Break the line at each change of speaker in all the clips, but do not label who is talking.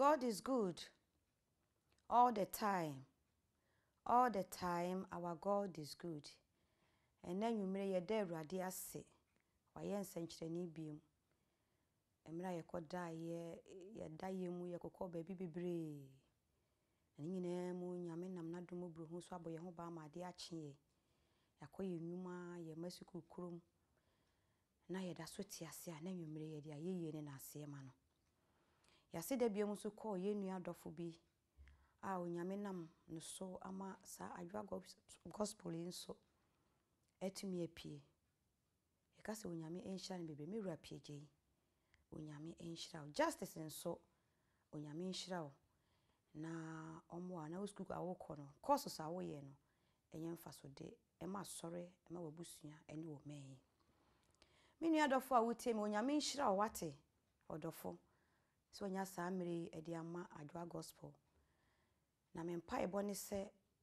God is good all the time. All the time our God is good. Ɛnna nwumire yɛda Awurade ase. Wayɛ nsɛnkyerɛnne biem. Mmerɛ a yɛkɔda yɛ yɛda yɛ mu a baabi bebree. Ne nyinaa mu Nyame nam n'adom buro ho so abɔ yɛn ho ban ama adeɛ akye yɛn. Yɛakɔ yɛn nnwuma, yɛn mma sukuu kurom na yɛda so te ase a na nwumire yɛde ayɛyie ne n'ase ma no yɛase da biom nso kɔɔ yɛn nua adɔfo bi a onyame nam ne so ama sa adwoa gospel yi nso atumi apue yɛka sɛ onyame nhyira no bebree mewura piegye yi onyame nhyira wo justice nso onyame nhyira wo na ɔmmoa na wo sukuu a wokɔ no kɔɔsos a woyɛ no ɛnyɛ mfa so de ɛma asɔre ɛma w'abusua ɛne wɔ mɛn me nua adɔfo a wotie mu onyame nhyira wo wate ɔdɔfo sɛ ɔnya saa mmere yi ɛde ama adwoa gospel na me mpaebɔ ne sɛ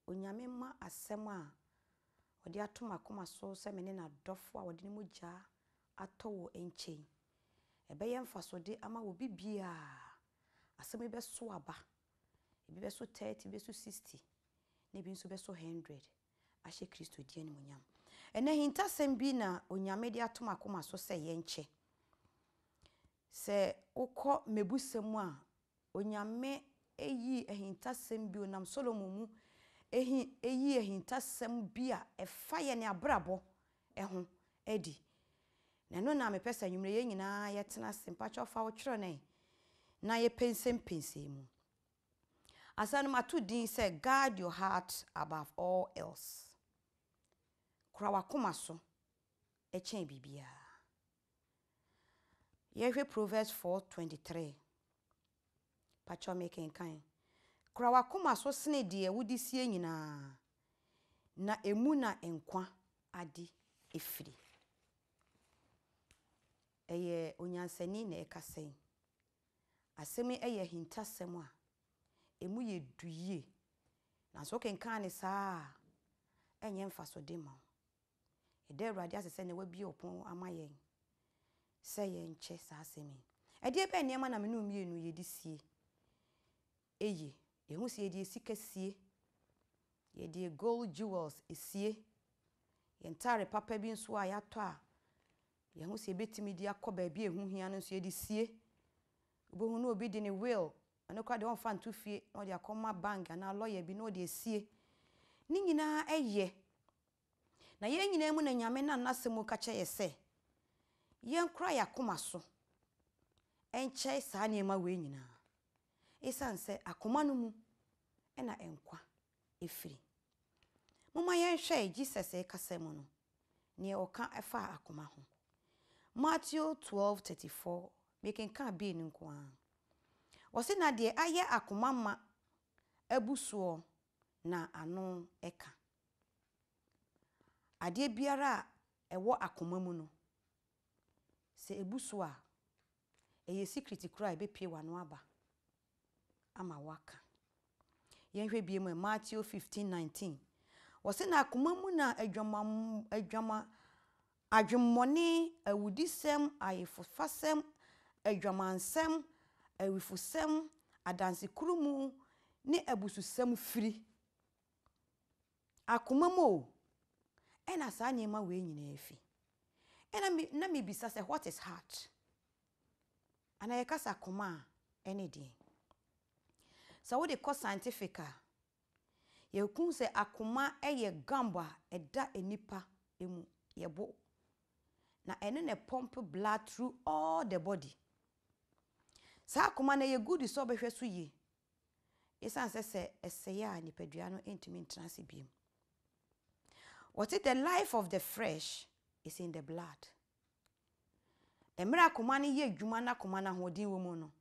onyame mma asɛm a ɔde ato makoma so sɛ me ne n'adɔfo a wɔde ne mu gyaa atɔ wɔ nkyɛn ɛbɛyɛ mfasode ama wɔ bibie a asɛm yi bɛso aba ebi bɛso 30 bɛso 60 na ebi nso bɛso 100 ahyɛ kristo di animuonyam ɛnɛ hintasɛm bi na onyame de ato makoma so sɛ yɛnkyɛ sɛ wokɔ mmɛbusɛm a onyame ɛyi ahintasɛm bi ɔnam solomo mu ɛyi ahintasɛm bi a ɛfa yɛ ne abrabɔ ɛho ɛdi na ɛno na mepɛ sɛ anwummerɛ yɛ nyinaa yɛtena se mpatwɛ fa wo twerɛ ne na yɛpɛnsɛmpɛnsɛn mu asa no mato din sɛ guard your heart above all else kora wakoma so ɛkyɛn biribiara yɛhwɛ proverbs 4:23 patwa me kenkan kora wakoma so sene deɛ sie nyinaa na emu na nkwa adi ɛfiri ɛyɛ onyansani na ɛka sɛn asɛm ɛyɛ ahintasɛm a emu yɛ du yie nanso ne saa a ɛnyɛ mfasodeɛ ma wo ɛda awurade asɛ na ne wabie ɔpon ama yɛn sɛ yɛnkyɛ saa asɛm yi ɛdeɛ bɛɛ nneɛma na mene mmienu yɛde sie ɛyɛ yɛhu sɛ yɛde sika sie yɛde gold jewels sie ntare papa bi nso a yɛatɔ a yɛho sɛ yɛbɛtumi de akɔ baabi a ɛho hia no nso yɛde sie wobɛhu na obi di ni will ɔno kora deɛ ɔmfa nto fie na ɔde akɔma bank anaa lɔya bi na ɔde asie ne nyinaa ɛyɛ na yɛn nyinaa mu na nyame na a nnasɛm ka kyɛ yɛ yɛnkora yɛ akoma so nkyɛe saa nneɛma wei nyinaa ɛsiane sɛ akoma no mu na nkwa ɛfiri momma yɛnhwɛ jesus ɛkasa mu no neɛ ɔka ɛfa akoma ho matthew 12:34 mekenka bii no nko ara wɔse na deɛ ayɛ akoma ma abu soɔ na ano ɛka adeɛ biara a ɛwɔ akoma mu no sɛ ɛbu so a ɛyɛ secret koraa ɛbɛpie w'ano aba ama waka yɛnhwɛ bie mu matthew 15 19 wɔsɛ na akoma mu na adwama adwama adwemmɔne awudisɛm ayefofasɛm adwamansɛm awifosɛm adansekurumu ne abususɛm firi akoma mu o ɛna saa nneɛma wei nyinaa fi ɛna na mi bisa sɛ what is heart anaa yɛkasa akoma a ɛne deɛ sɛ wode kɔ scientific a yɛku sɛ akoma yɛ gambo a ɛda nipa mu yɛbo na ɛno ne pump blood through all the body saa akoma no yɛ good sɛ ɔbɛhwɛ so yie ɛsiane sɛ sɛ ɛsɛeɛ a nipadua no ntumi ntena ase biom wɔte the life of the fresh it's in the blood mmerɛ akoma no yɛ adwuma na akoma no ahoɔden wɔ mu no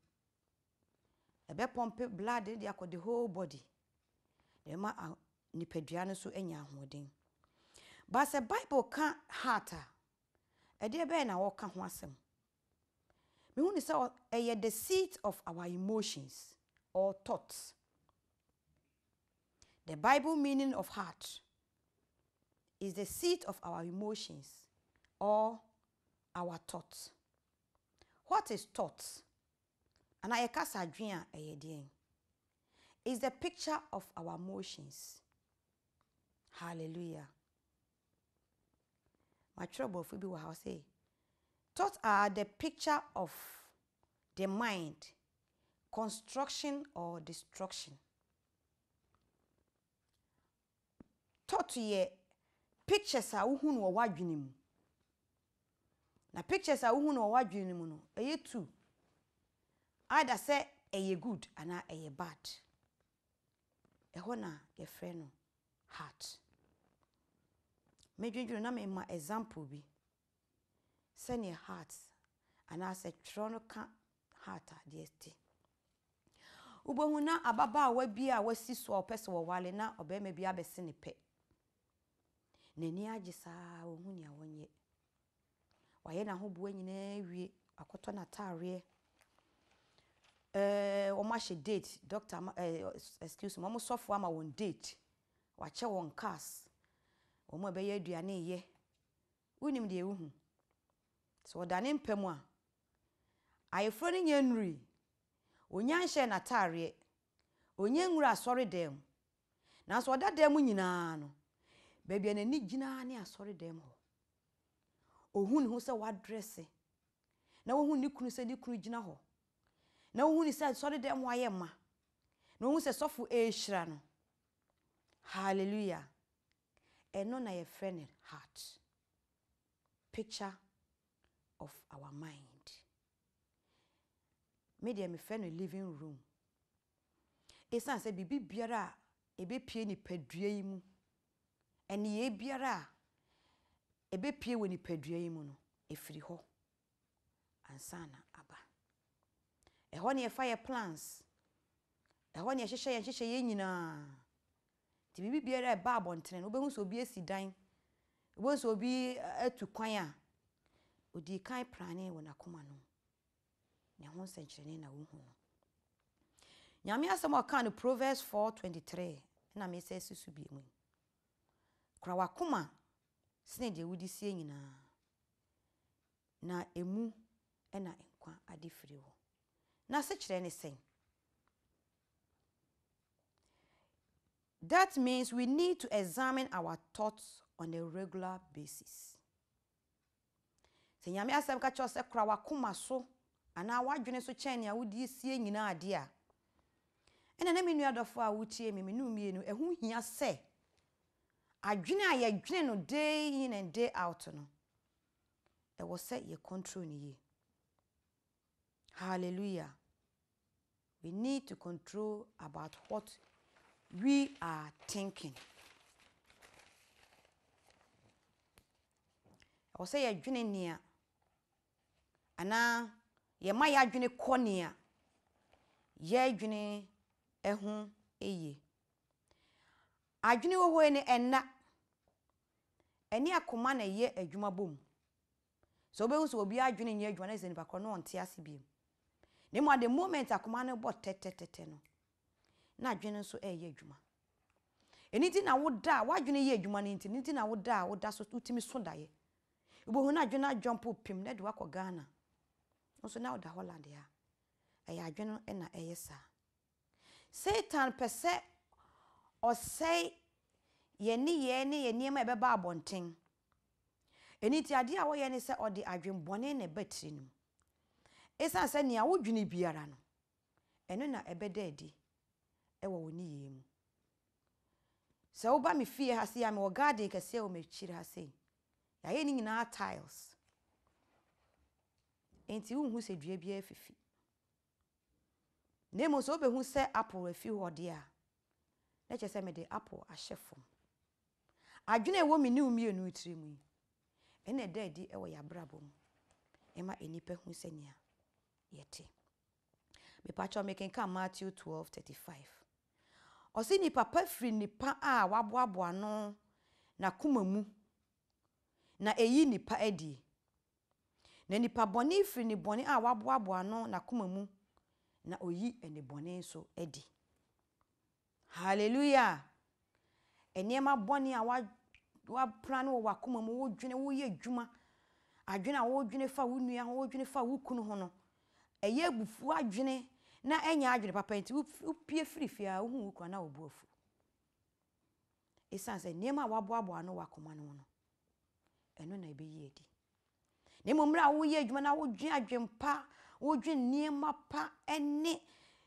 ɛbɛpɔmpe blood de akɔ the whole body ɛma nipadua no so anya ahoɔden but sɛ bible ka heart a ɛdeɛ bɛyɛ na wɔka ho asɛm mehu ne sɛ ɛyɛ the seat of our emotions or thoughts the bible meaning of heart is the seat of our emotions or our thoughts what is thoughts anaa yɛka sɛ adwene a ɛyɛ is the picture of our emotions hallelujah matwerɛ bɔfo bi wɔ ha say. thoughts are the picture of the mind construction or destruction thought yɛ pictures a who no wɔ w'adwene na pictures a wohu na wɔwɔ adwene no mu no ɛyɛ two ada sɛ ɛyɛ good anaa ɛyɛ bad ɛhɔ na yɛfrɛ no heart medwendwene na mema example bi sɛneɛ heart anaasɛ twerɛ no ka heart a deɛ te wobɛhu na ababaawa bi a wasi so a ɔpɛ sɛ wɔwale na ɔbarima bi abɛse ne pɛ n'ani agye saa ɔhu nea wɔnyɛ wayɛ n'ahoboa nyinaa wie akɔtɔ n'ataareɛ ɛɛ wɔn ahyɛ date doctor ɛɛ excuse me wɔn sɔfo ama wɔn date wakyɛ wɔn cars wɔn a bɛyɛ aduane yɛ wonim deɛ ehu sɛ ɔdane mpam a ayeforo no nyɛ nnuri onyaa nhyɛ n'ataareɛ onyaa nwura asɔre dɛm nanso ɔda dɛm nyinaa no baabi a n'ani gyinaa ne asɔre dɛm hɔ ohun ne ho sɛ wadrɛse na wohu ne kunu sɛ ne kunu gyina hɔ na wohu ne sɛ sɔre dɛ mo ayɛ ma na wohu sɛ sɔfo ɛrehyira no hallelujah ɛno na yɛfrɛ no heart picture of our mind me deɛ mefrɛ no living room ɛsiane sɛ biribi biara a ɛbɛpie nipadua yi mu ɛneyɛ biara a ɛbɛpie wɔ nipadua yi mu no efiri hɔ ansana na aba ɛhɔ ne yɛfa yɛ plans ɛhɔ ne yɛhyehyɛ yɛ nhyehyɛ yɛ nyinaa te biribi biara ɛba abɔntene no wobɛhu sɛ obi esi dan wobɛhu sɛ obi etu eh, kwan a ɔdii kan prane wɔ n'akoma no ne ho nsɛnkyerɛnne na wohu no nyame asɛm a ɔka no proverbs 423 na mesɛ si so bie mu kora wakoma sene deɛ wode sie nyinaa na ɛmu na nkwa ade firi hɔ na se kyerɛ ne sɛn That means we need to examine our thoughts on a regular basis. Sɛ nyame asɛm ka kyerɛ sɛ kora wakoma so anaa wadwene so kyɛn nea wode sie nyinaa adeɛ a ɛna ne me nuadɔfoɔ a wotie me me no mmienu ɛho hia sɛ adwene a yɛdwene no day in and day out no ɛwɔ sɛ yɛ control no yie hallelujah we need to control about what we are thinking ɛwɔ sɛ yɛdwene nea anaa yɛma yɛadwene kɔ nea yɛadwene ho yie adwene wɔ hɔ ni ɛna ɛne akoma na ɛyɛ adwuma bom sɛ wobɛhu sɛ obi adwene nyɛ adwuma na sɛ nipa korɔ no ɔnte ase biom na mmom the moment akoma no bɔ tɛtɛtɛtɛ no na adwene nso ɛyɛ adwuma ɛni ti na woda a wadwene yɛ adwuma no nti ne ti na woda a woda so wotumi so daeɛ wobɛhu no adwene adwɔmpo pem na de wakɔ ghana nso na woda holland a ɛyɛ adwene na ɛyɛ saa satan pɛ sɛ ɔsɛe yɛn nneyɛɛ ne yɛn nneɛma a ɛbɛba abɔnten ɛno nti adeɛ a wɔyɛ ne sɛ ɔde adwembɔne na ɛba tiri no mu ɛsiane sɛ nea wodwene biara no ɛno na ɛbɛda adi ɛwɔ wo nneyɛɛ mu sɛ woba me fie ha se yi a mewɔ garden kɛseɛ wɔ m'akyiri ha sei yɛayɛ ne nyinaa tiles nti wonhu sɛ dua biara fifi na mmom sɛ wobɛhu sɛ apple afi hɔ deɛ a na kyerɛ sɛ mede apple ahyɛ fam adwene a ɛwɔ me ne wo mmienu tiri mu yi ɛna ɛda adi ɛwɔ yɛ abrabɔ mu ɛma nnipa hu sɛnea yɛte mepakyɛ mekenka matthew 12:35 ɔse nipa pa firi nipa a waboaboa no n'akoma mu na ɛyi nipa adi na nipa bɔne firi ne bɔne a waboaboa no n'akoma mu na ɔyi ne bɔne nso adi halleluya nnoɔma bɔne a woapra ne wɔw'akoma mu wodwene woyɛ dwuma adwene a wodwene fa wo nnua ho wodwene fa wo kunu ho no ɔyɛ abufuo adwene na ɔnyɛ adwene papa nti wopie firi fie a wohu wo kura na wɔbu afu ɛsiane sɛ nnoɔma a woaboaboa no w'akoma no ho no ɔno na ɔbɛyi adi na mmom mmerɛ a woyɛ adwuma na wodwene adwene pa wodwene nnoɔma pa ne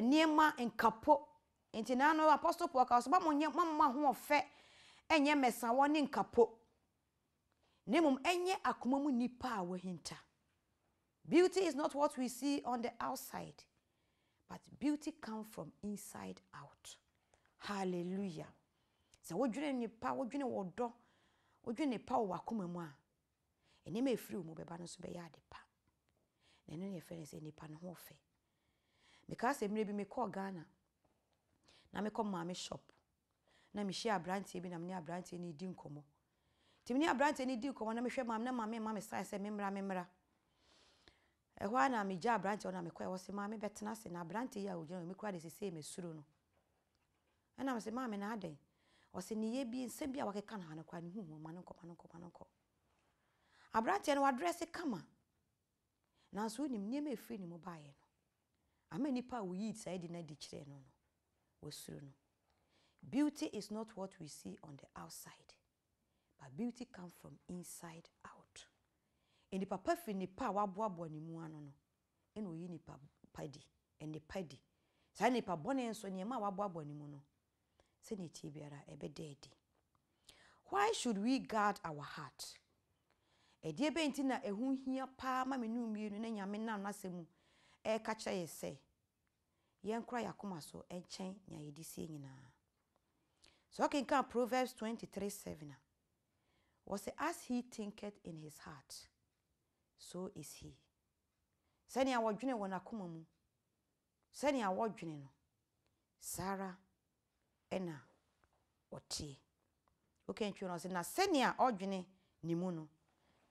nneɛma nkapo nti na no apostle paul so ma mo nyɛ ma mo ahoɔfɛ ɛnyɛ mɛsawɔ ne nkapo na mmom ɛnyɛ akoma mu nipa a wɔhinta beauty is not what we see on the outside but beauty come from inside out hallelujah sɛ wodwene nipa wodwene wɔ dɔ wodwene nipa wɔ wakoma mu a nneɛma efiri wɔn mu bɛba no nso bɛyɛ ade pa na ɛno na yɛfrɛ no sɛ nipa no ho fɛ mekaa sɛ mmerɛ bi mekɔɔ ghana na mekɔ maame shop na mehyia aberanteɛ bi na mene aberanteɛ no di nkɔmmɔ nti mene aberanteɛ no di nkɔmmɔ na mehwɛ maame na maame ma me sae sɛ memmra memmra ɛhɔ a na megya aberanteɛ na mekɔ ɛwɔ sɛ maame bɛtena ase na aberanteɛ yi a ɔgyina hɔ mekura de sesei mesuro no ɛna mesɛ maame na adɛn ɔsɛ ne yɛ bi nsɛm bi a wakeka no ha no koraa ne huhu ma no nkɔ ma no nkɔ ma no nkɔ aberanteɛ no wadrɛse kama nanso wonim nneɛma ɛfiri ne mu baeɛ no ama nipa a woyi saa di na di kyerɛ no no wasuro no beauty is not what we see on the outside but beauty come from inside out nipa pa fi nipa a waboaboa ne mu ano no ɛna oyi nipa pa di nipa di saa nipa bɔne nso nneɛma a waboaboa ne mu no sɛnea etie biara ɛbɛda adi why should we guard our heart ɛdeɛ bɛnti na ɛho hia paa ma me num mmienu na nyame nam n'asɛm mu. ɛreka kyerɛ yɛ sɛ yɛnkora yɛ akoma so nkyɛn nea yɛde sie nyinaa sɛ ɔkenka proverbs 23:7 a wɔsɛ as he thinketh in his heart so is he sɛnea wɔdwene wɔ n'akoma mu sɛnea wɔdwene no saa ara ɛna ɔteɛ wokɛntwi no ɔsɛ na sɛnea ɔdwene ne mu no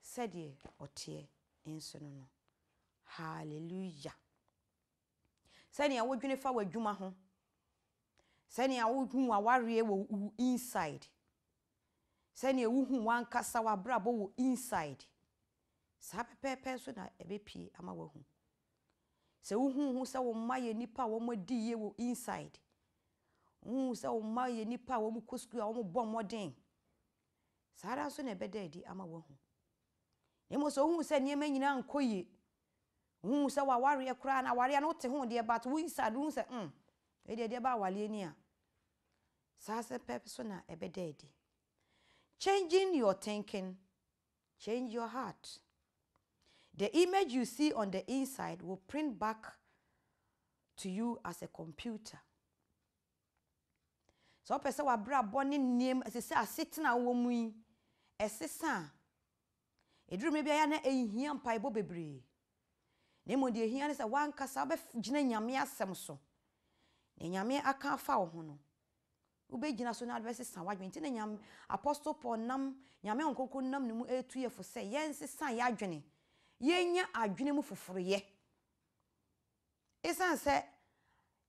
sɛdeɛ ɔteɛ nso no no hallelujah sɛnea wodwene fa w'adwuma ho sɛnea wohu w'awareɛ wɔ inside sɛnea wohu w'ankasa w'abrabɔ wɔ inside saa pɛpɛɛpɛ so na ɛbɛpie ama wahu sɛ wohu sɛ wo mma yɛ nnipa a adi yie wɔ inside wohu sɛ wo mma yɛ nnipa a kɔ sukuu a saa ara nso na ɛbɛda adi ama wahu na mmom sɛ wohu sɛ nneɛma nyinaa nkɔ yie wohu sɛ wawareɛ koraa na awareɛ no wote ho deɛ but woyi sɛ sɛ mm ɛdeɛ deɛ ba awareɛ ni a saa sɛ pɛ so na ɛbɛda adi changing your thinking change your heart the image you see on the inside will print back to you as a computer sɛ wopɛ sɛ wabrabɔ ne nneɛm ɛsɛ sɛ asetena wɔ mu yi ɛsesa a ɛduru mmerɛ biara na ɛhia mpaebɔ bebree na mmom deɛ ɛhia ne sɛ woankasa wobɛgyina nyame asɛm so na nyame aka afa wo ho no wobɛgyina so na wode bɛsesa w'adwene nti na nyame apostle paul nam nyame nkonko nam ne mu etu yɛ fo sɛ ya yɛ adwene yɛnya adwene mu foforɔyɛ ɛsiane sɛ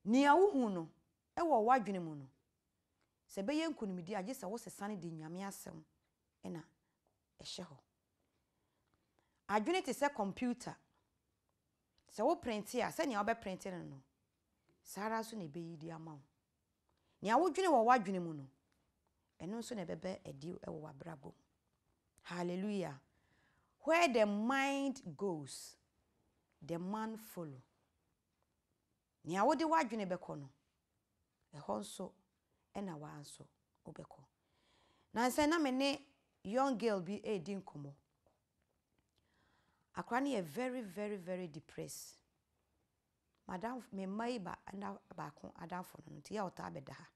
nea wohu no ɛwɔ w'adwene mu no sɛ ɛbɛyɛ nkonimdi agye sɛ wosesa no de nyame asɛm ɛna ɛhyɛ hɔ adwene te sɛ computer sɛ wo printe a sɛnea wobɛprinte no no saa ara nso na ɛbɛyi di ama wo nea wodwene wɔ w'adwene mu no ɛno nso na ɛbɛbɛ adi wɔ w'abrabɔ mu hallelujah where the mind goes the man follow nea wode w'adwene bɛkɔ no ɛhɔ nso ɛna waa nso wobɛkɔ nansɛ na me ne young girl bi ɛredi nkɔmmɔ akora no yɛ very very very depressed madam me yi ba ana baako adamfo no nti yɛ ɔtaa bɛda ha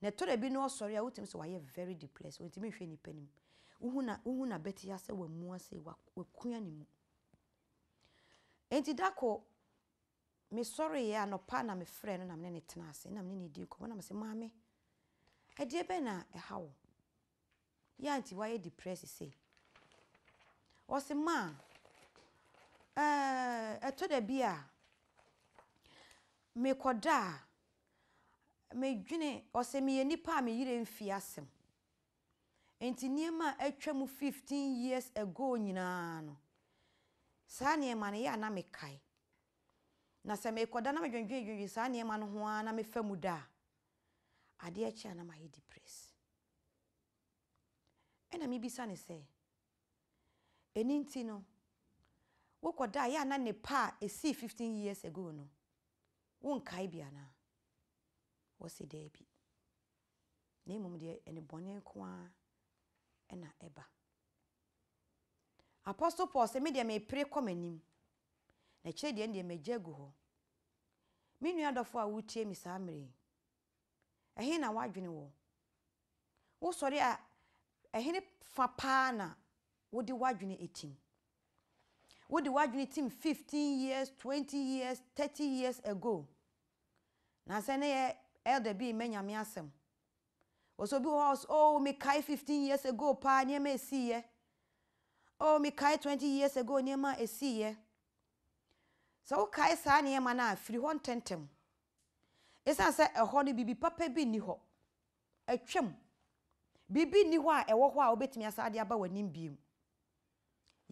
na ɛtɔ da bi na ɔsɔre a wotumi sɛ wayɛ very depressed ɔntumi nhwɛ nipa nim wohu na wohu na bɛte asɛ wamu ase wakua ne mu nti dako mesɔreeɛ anɔpa na mefrɛ no nam ne ne tena ase nam ne ne di nkɔmmɔ nam sɛ maame ɛdeɛ bɛ na ɛha wo yɛ a nti depressed sei ɔsi maa ɛɛ eh, ɛtɔ dɛ bi a mekɔda a medwene ɔsi meyɛ nipa a meyire mfi asɛm nti nneɛma atwa mu fifteen years ago nyinaa no saa nneɛma no yɛ a na mekae na sɛ mekɔda na medwendwene dwendwene saa nneɛma no ho ara na mefa mu da adeɛ akyi a mayɛ depress ɛna mebisa ne sɛ ɛno nti no wokɔda a yɛ ana ne pa a ɛsii 15 years ago no wonkae bi anaa daa bi na mmom deɛ ɛne bɔne nko ara ɛna ɛba apostle paul sɛ medeɛ mepere kɔ m'anim na kyerɛ deɛ deɛ magya gu hɔ me nua dɔfoɔ a wotie me saa mmerɛ ɛhe na woadwene wɔ wosɔre a ɛhene fa paa na wode w'adwene ɛtim wode w'adwene tim 15 years 20 years 30 years ago na sɛ ne yɛ elder bi mma nyame asɛm wɔsɛ obi wɔ hɔ so oh mekae 15 years ago paa nneɛma ɛsiiɛ oh mi mekae 20 years ago nneɛma ɛsiiɛ sɛ wokae saa nneɛma no a firi hɔ ntɛntɛm ɛsiane sɛ ɛhɔ no biribi papa bi nni hɔ atwam biribi nni hɔ a ɛwɔ hɔ a wobɛtumi asa ade aba w'anim biem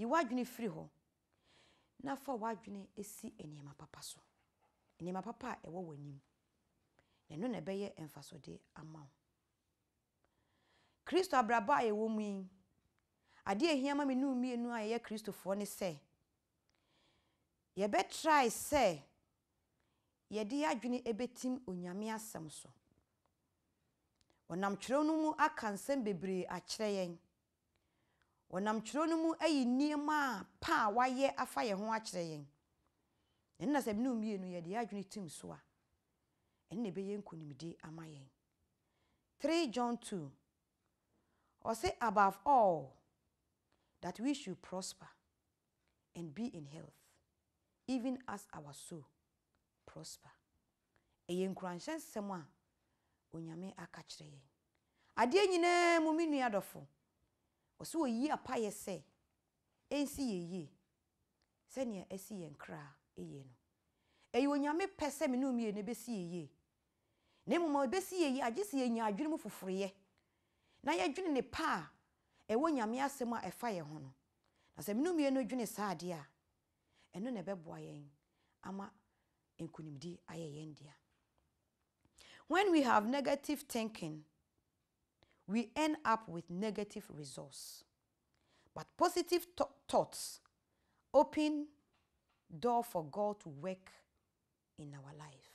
yi w'adwene firi hɔ na fa w'adwene esi nneɛma papa so nneɛma papa a ɛwɔ w'anim na ɛno na ɛbɛyɛ mfasode ama wo kristo abrabɔ a yɛwɔ mu yi adeɛ ehia ma mi num mmienu a yɛyɛ kristofoɔ ne sɛ yɛbɛtrae sɛ yɛde yɛ adwene ɛbɛtim onyame asɛm so ɔnam twerɛw no mu aka nsɛm bebree akyerɛ yɛn ɔnam twerɛ no mu ayi nneɛma a pa a wayɛ afa yɛn ho akyerɛ yɛn ɛno na sɛ mene mmienu yɛde yɛ adwene tim so a ɛno na ɛbɛyɛ nkonimdie ama yɛn 3 john 2 ɔse above all that we should prosper and be in health even as our soul prosper ɛyɛ nkuranhyɛnsɛm a onyame aka kyerɛ yɛn adeɛ nyinaa mu me nua dɔfo ɔsɛ ɔyi apayɛ sɛ ɛnsi yɛ yie sɛnea ɛsi yɛn kra yie no ɛyɛ onyame pɛ sɛ me ne omie no ɛbɛsi yɛ yie na mmom ɛbɛsi yɛ yie agye sɛ yɛnya adwene mu foforeyɛ na yɛdwene ne pa a ɛwɔ nyame asɛm a ɛfa yɛn ho no na sɛ me ne omie no dwene saa adeɛ a ɛno na ɛbɛboa yɛn ama nkonimdi ayɛ yɛn dea when we have negative thinking we end up with negative results. But positive thoughts open door for God to work in our life.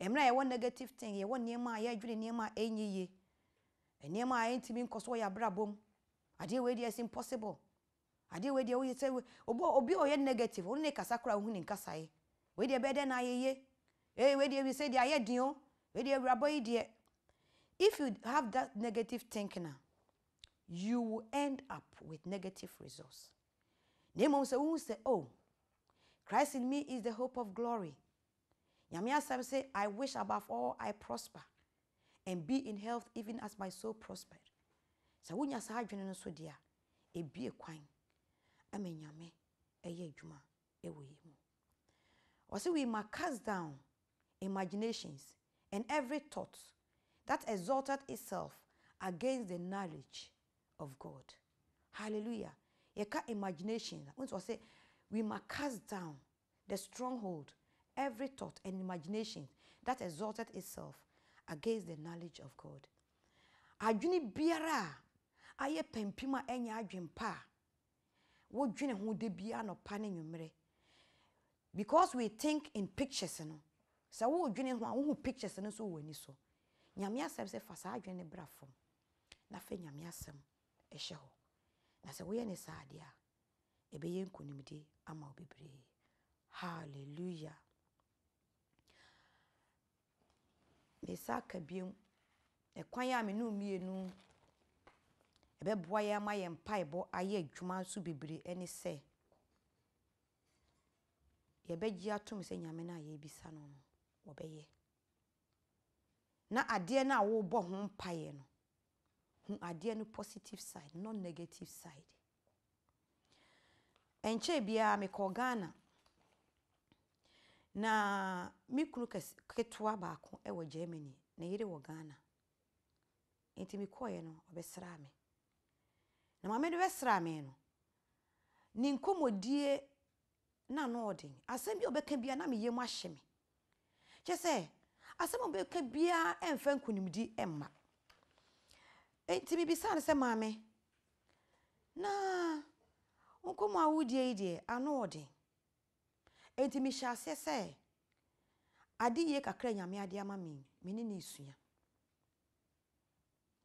Emra, a yɛwɔ negative thing yɛwɔ nneɛma a yɛadwene nneɛma a ɛnyɛ yie nneɛma a yɛntumi nkɔ so wɔ yɛ abrabɔ mu adeɛ wei deɛ is impossible adeɛ wei deɛ woyɛ sɛ obi obi a ɔyɛ negative ɔno ne kasa koraa ɔhu ne nkasaeɛ wei deɛ bɛyɛ dɛ na ayɛ yie ee wei deɛ bi sɛ deɛ ayɛ den o wei deɛ awurabɔ yi deɛ If you have that negative thinking, you will end up with negative results. Nemo say, who say, oh, Christ in me is the hope of glory. Yamia Sam say, I wish above all I prosper and be in health even as my soul prospered. So when you say, no so dear, a be a quine. Amen, yame, a ye juma, a we. we must cast down imaginations and every thought that exalted itself against the knowledge of God. Hallelujah. Yeka imagination. Once I say, we must cast down the stronghold, every thought and imagination that exalted itself against the knowledge of God. Adwene biara ayɛ pampima enya adwen pa a wodwene hu de biara nɔpa ne because we think in pictures you know. So ho a hu pictures no nso wɔ ani so nyame asɛm sɛ fa saa adwene no bra fam na fa nyame asɛm ɛhyɛ hɔ na sɛ woyɛ ne saa adeɛ a ɛbɛyɛ nkonimdi ama wo bebree halleluya mesa aka biom ɛkwan a me ne mmienu ɛbɛboa yɛ ama yɛ mpaebɔ ayɛ adwuma nso bebree ne sɛ yɛbɛgye atom sɛ nyame no a yɛbisa no no wɔbɛyɛ na adeɛ no a worebɔ ho mpaeɛ no hu adeɛ no positive side no negative side ɛnkyɛn biara mekɔ ghana na me kunu ketewa baako wɔ germany na yere wɔ ghana nti mekɔeɛ no ɔbɛsraa me na maame no bɛsraa me no ne nkɔmmɔdie na no ɔden asɛm bi a ɔbɛka bia na meyɛ mu ahye me kyɛ sɛ asɛm ɔbɛka biara ɛmfa nkonimdi ɛmma nti mibisa no sɛ maame na nkɔmmɔ a wodie yi deɛ ano ɔden nti mehyɛ aseɛ sɛ ade yie kakra nyame ade ama me mene ne esua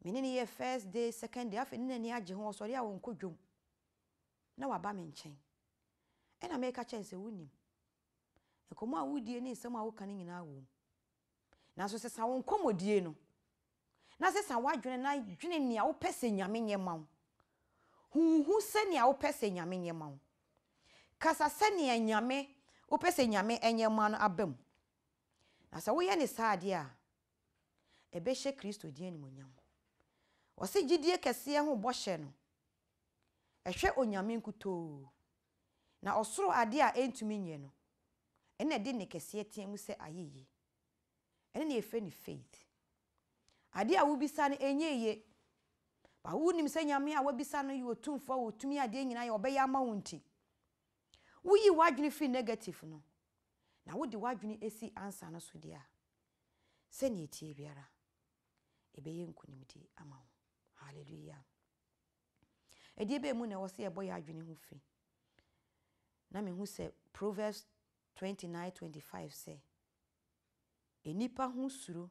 mene ne yɛ first day second day afei ne n'ani agye ho ɔsɔre a wɔnkɔ dwom na waba me nkyɛn ɛna meka kyɛn sɛ wonim nkɔmmɔ a wodie ne nsɛm a woka no nyinaa wɔ nanso sesa wo nkɔmmɔdie no na sesa woadwene na dwene nea wopɛ sɛ nyame nyɛ wo huhu sɛnea wopɛ sɛ nyame nyɛ ma wo kasa sɛnea nyame wopɛ sɛ nyame nyɛ no aba mu na sɛ woyɛ ne saa adeɛ a ɛbɛhyɛ kristo din animonyam wɔse gyidie kɛseɛ ho bɔhyɛ no ɛhwɛ onyame nkutoo na ɔsoro adeɛ a ɛntumi nyɛ no ɛna ɛde nne kɛseɛ teɛ mu sɛ ayɛyie ɛne ne yɛfrɛ no faith adeɛ a wobisa no ɛnyɛ yie ba wonim sɛ nyame a wabisa no yɛ ɔtumfoɔ a wɔtumi adeɛ nyinaa yɛ ɔbɛyɛ ama wo nti woyi w'adwene firi negative no na wode w'adwene ɛsi ansa no so deɛ a sɛnea ɛtie biara ɛbɛyɛ nkonimdie ama wo halleluya ɛdeɛ bɛɛ mu na ɛwɔ sɛ yɛbɔ yɛ adwene ho fi na mehu sɛ proverbs 29 25 sɛ nnipa ho suro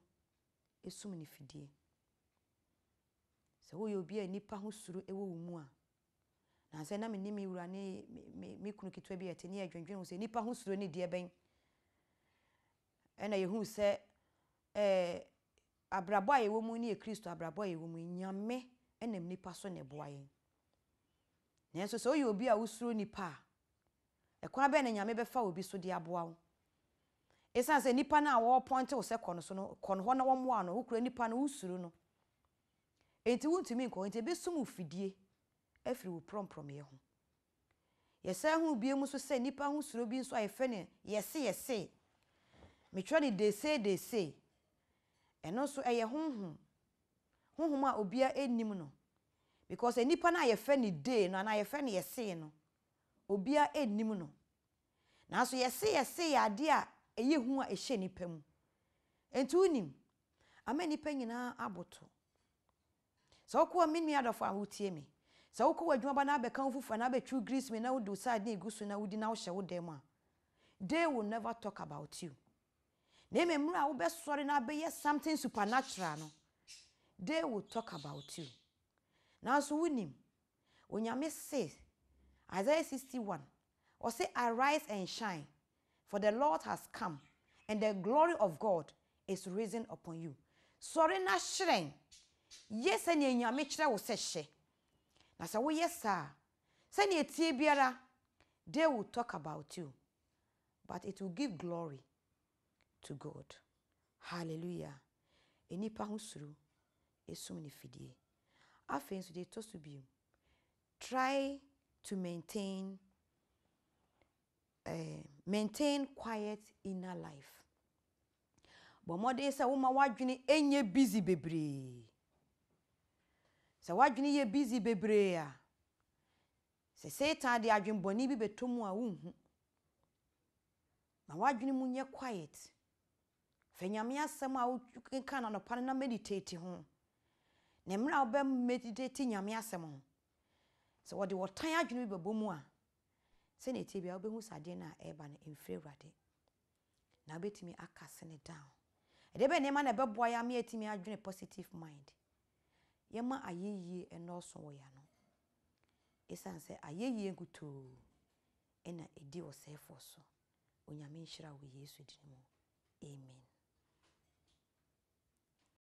esum no afidie sɛ woyɛ obi a nnipa ho suro wɔ wo mu a nansa na mene me wura ne me kunu ketewa bi a yɛte ne yɛdwendwene ho sɛ nnipa ho suro ne deɛ bɛn ɛna yɛhu sɛ abrabɔ a yɛwɔ mu ne yɛ kristo abrabɔ a yɛwɔ mu nyame nam nnipa so ne boa yɛn nanso sɛ woyɛ obi a wosuro nnipa a ɛkwan bɛɛ na nyame bɛfa obi so de aboa wo ɛsiane sɛ nnipa no a wɔrepɔnte wo sɛ kɔ no so no kɔ no hɔ na wɔmmoa no wokura nnipa no wosuru no enti wontumi nkɔ enti ɛbɛsum wo fidie afiri wo prɔmprɔmeɛ ho yɛsan ho bie mu nso sɛ nipa ho suro bi nso a yɛfɛ no yɛseyɛse metwerɛ no deseedesee ɛno nso ɛyɛ honhom honhom a obia ɛnnim no because nnipa no a yɛfɛ no dee no anaa yɛfɛ no yɛsee no obiara ɛnnim no nanso yɛseyɛse yɛ adeɛ a ɛyɛ hu a ɛhyɛ nipa mu nti wonim ama nipa nyinaa aboto sɛ wokɔ me nua adɔfo a wotie me sɛ wokɔ w'adwumaba na abɛka wo fufuo na abɛtwiw gris me na wode side ne ɛgu so na wodi na wohyɛ wo dan mu a they will never talk about you na mmom mmerɛ a wobɛsɔre na abɛyɛ something supernatural no they will talk about you nanso wonim onyame se isaiah 61 ɔse arise and shine for the Lord has come, and the glory of God is risen upon you. Sɔre na hyerɛn, yie sɛnea nyame kyerɛ wo sɛ Na sɛ woyɛ saa, sɛnea biara, they will talk about you, but it will give glory to God. Hallelujah. Enipa ho suru, esum ne fidie. Afei nso de to Try to maintain um, maintain quiet inner life bɔ mmɔden sɛ woma w'adwene nyɛ busy bebree sɛ w'adwene yɛ busy bebree a sɛ satan de adwenbɔne bi bɛtɔ mu a wonhu na w'adwene mu nyɛ quiet fɛ nyame asɛm a wokenka na nɔpa no na meditate ho na mmerɛ a wobɛmeditate nyame asɛm ho sɛ wɔde wɔtan adwene bi bɛbɔ mu sɛnea ɛtie bia wobɛhu sɛ adeɛ no a ɛreba no ɛmfiri awurade na wobɛtumi aka se ne down ɛdeɛ bɛ nneɛma na ɛbɛboa yɛ ama yɛatumi adwene positive mind yɛma ayɛyie ɛnɔɔso wɔ yɛ no ɛsiane sɛ ayɛyie nkutoo ɛna ɛdi wɔ sɛɛfoɔ so onyame nhyira wɔ yesu din mu amen